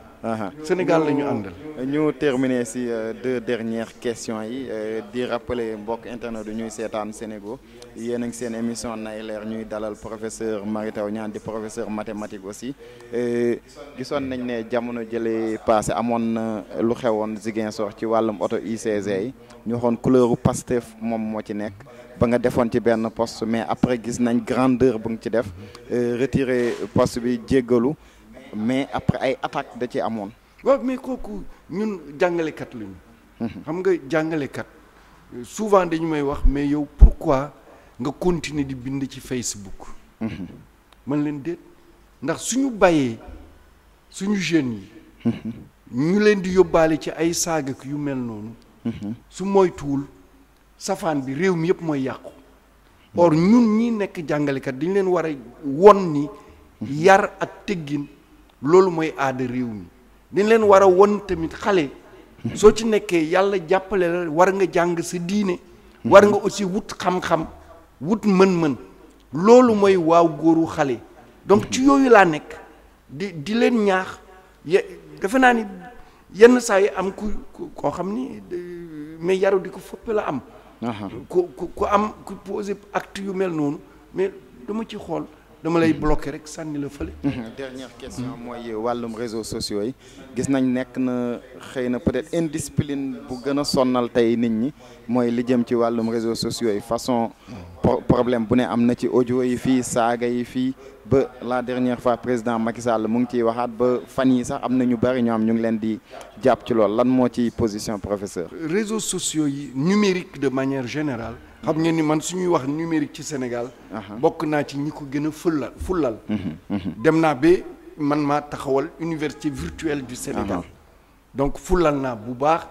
[SPEAKER 1] Sénégal la ñu àndal. ñu terminer si euh, deux dernières questions yi euh, di rappele mbokk internet du ñuy seetaan Sénégal yéen a ngi seen émission nay leer ñuy dalal professeur Mary Teuw Niane di professeur mathématique aussi euh, gisoon nañ ne jamono jëlee passé amoon na lu xewoon Ziguinchor ci wàllum oto ICG yi ñu waxoon couleur Pastef moom moo ci nekk ba nga defoon ci benn post mais après gis nañ grandeur bu nga ci def retiré post bi jéggalu. mais après ay attaques da ci amoon.
[SPEAKER 2] waaw mais kooku ñun jàngalekat lañu. Mhm. xam nga jàngalekat souvent dañu may wax mais yow pourquoi nga continuer di bind ci Facebook. Mhm. man leen déet ndax suñu bàyyee suñu jeunes yi. Mhm. ñu leen di yóbbaale ci ay saaga yu mel noonu. su moytuwul safaan bi réew mi yëpp mooy yàqu. or ñun ñi nekk jàngalekat dañu leen war a won ni. yar ak teggin. loolu mooy aada réew mi dañ leen war a won tamit xale soo ci nekkee yàlla jàppale la war nga jàng sa diine war nga aussi wut xam-xam wut mën-mën loolu mooy waaw góor wu xale donc ci yooyu laa nekk di di leen ñaax ye defe naa ni yenn saa yi am ku koo xam ni mais yaru di ko foppe la am ku ku am ku posé acte yu mel noonu mais dama ci xool dama lay bloquer rek sànni la fële. Mhm. dernière question mooy wàllum réseaux sociaux yi gis
[SPEAKER 1] nañ nekk na xëy na peut-être indiscipline bu gën a sonnal tey nit ñi mooy li jëm ci wàllum réseaux sociaux yi façon problème bu ne am na ci audio yi fii saaga yi fii ba la dernière fois président Macky Sall mu ngi ciy waxaat ba fan yi sax am na ñu bari ñoo am ñu ngi leen di jàpp ci lool lan moo ci position professeur.
[SPEAKER 2] réseaux sociaux yi numérique de manière générale. xam nga ni man suñuy wax numérique ci Sénégal. bokk naa ci ñi ko gën a fulal fulal.
[SPEAKER 3] Mhm, mhm.
[SPEAKER 2] dem naa ba man maa taxawal université virtuelle du Sénégal. donc fulal naa bu baax.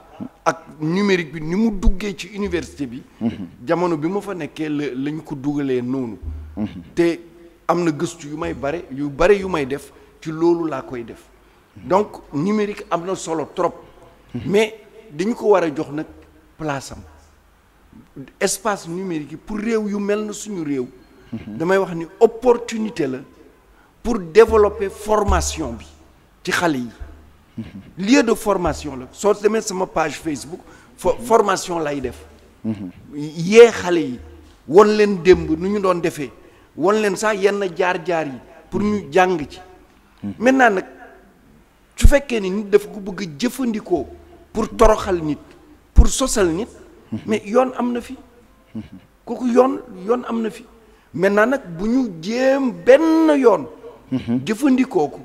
[SPEAKER 2] ak numérique bi ni mu duggee ci université bi. Mhm. jamono bi ma fa nekkee la lañ ko dugalee noonu. te am na gëstu yu may bare yu bare yu may def ci loolu laa koy def. donc numérique am na solo trop. mais dañu ko war a jox nag place am. espace numérique yi pour réew yu mel na suñu réew damay wax ni opportunité la pour développer formation bi ci xale yi lieu de formation la soo demee sama page Facebook formation lay def yee xale yi won leen démb nu ñu doon defee won leen sax yenn jaar-jaar yi pour ñu jàng ci maintenant nag su fekkee ni nit daf ko bëgg jëfandikoo pour toroxal nit pour sosal nit mais yoon am na fi kooku yoon yoon am na fi maintenant nag bu ñu jéem benn yoon jëfandikoo ko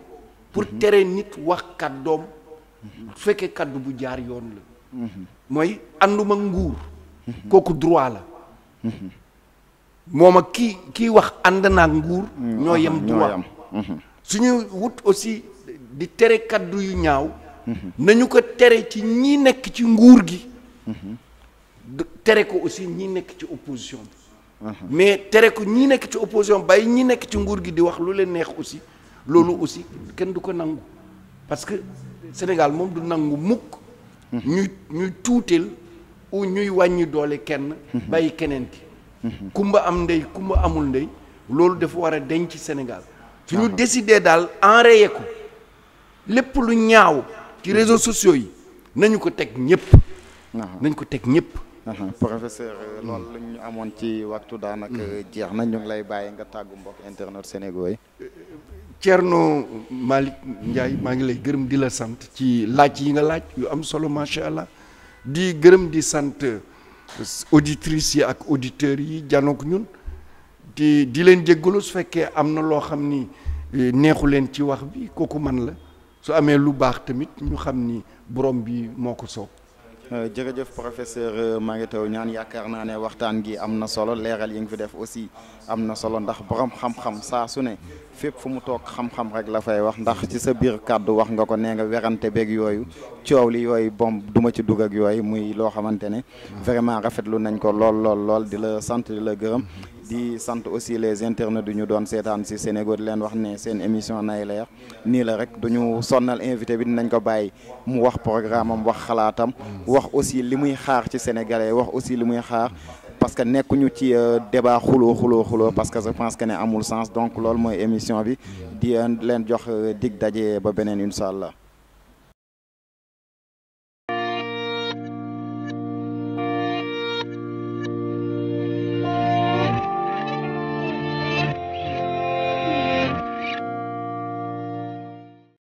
[SPEAKER 2] pour tere nit wax kàddoom su fekkee kàddu bu jaar yoon la mooy ànduma nguur kooku droit la mooma ki kii wax ànd naa nguur ñoo yem droit mhm. suñu wut aussi di tere kàddu yu ñaaw nañu ko tere ci ñi nekk ci nguur gi mhm. tere ko aussi ñi nekk ci opposition bi mhm. mais tere ko ñi nekk ci opposition bàyyi ñi nekk ci nguur gi di wax lu leen neex aussi loolu aussi kenn du ko nangu parce que Sénégal moom du nangu mukk mhm. ñuy ñuy tuuteel ou ñuy wàññi doole kenn mhm. bàyyi keneen ki kumba am ndey kumba amul ndey loolu dafa war a deñ ci Sénégal su ñu décider daal enrayer ko lépp lu ñaaw ci réseaux sociaux yi nañu ko teg ñëpp nañ ko teg ñëpp professeur
[SPEAKER 1] euh, hmm. loolu la ñu amoon ci waxtu daanaka hmm. jeex nañ ñu ngi lay bàyyi nga tàggu mbokk internet
[SPEAKER 2] sénégo yi. Euh, euh, Thierno malit Ndiaye maa ngi lay gërëm di la sant ci laaj yi nga laaj yu am solo macha allah di gërëm di sant auditrices yi ak auditeurs yi janook ñun di di leen jéggalu su fekkee am na loo xam ni neexu leen ci wax bi kooku man la su amee lu baax tamit ñu xam ni borom bi moo ko soob.
[SPEAKER 1] Euh, jërëjëf professeur euh, Mary Teuw Niane yaakaar naa ne waxtaan gi am na solo leeral yi nga fi def aussi am na solo ndax borom xam-xam saa su ne fépp fu mu toog xam-xam rek la fay wax ndax ci sa biir kàddu wax nga ko nee nga werante beeg yooyu coow li yooyu bom duma ci dugg ak yooyu muy loo xamante ne vraiment rafetlu nañ ko lool lool lool di la sant di la gërëm di sant aussi les internautes du ñu doon seetaan si Sénégal di leen wax ne seen émission nay leer nii la rek ñu sonnal invité bi nañ ko bàyyi mu wax programme am wax xalaatam wax aussi li muy xaar ci sénégalais wax aussi li muy xaar parce que nekkuñu ci euh, débat xuloo xuloo xuloo parce que je pense que ne amul sens donc loolu mooy émission bi di euh, leen jox euh, dig daje ba beneen incha allah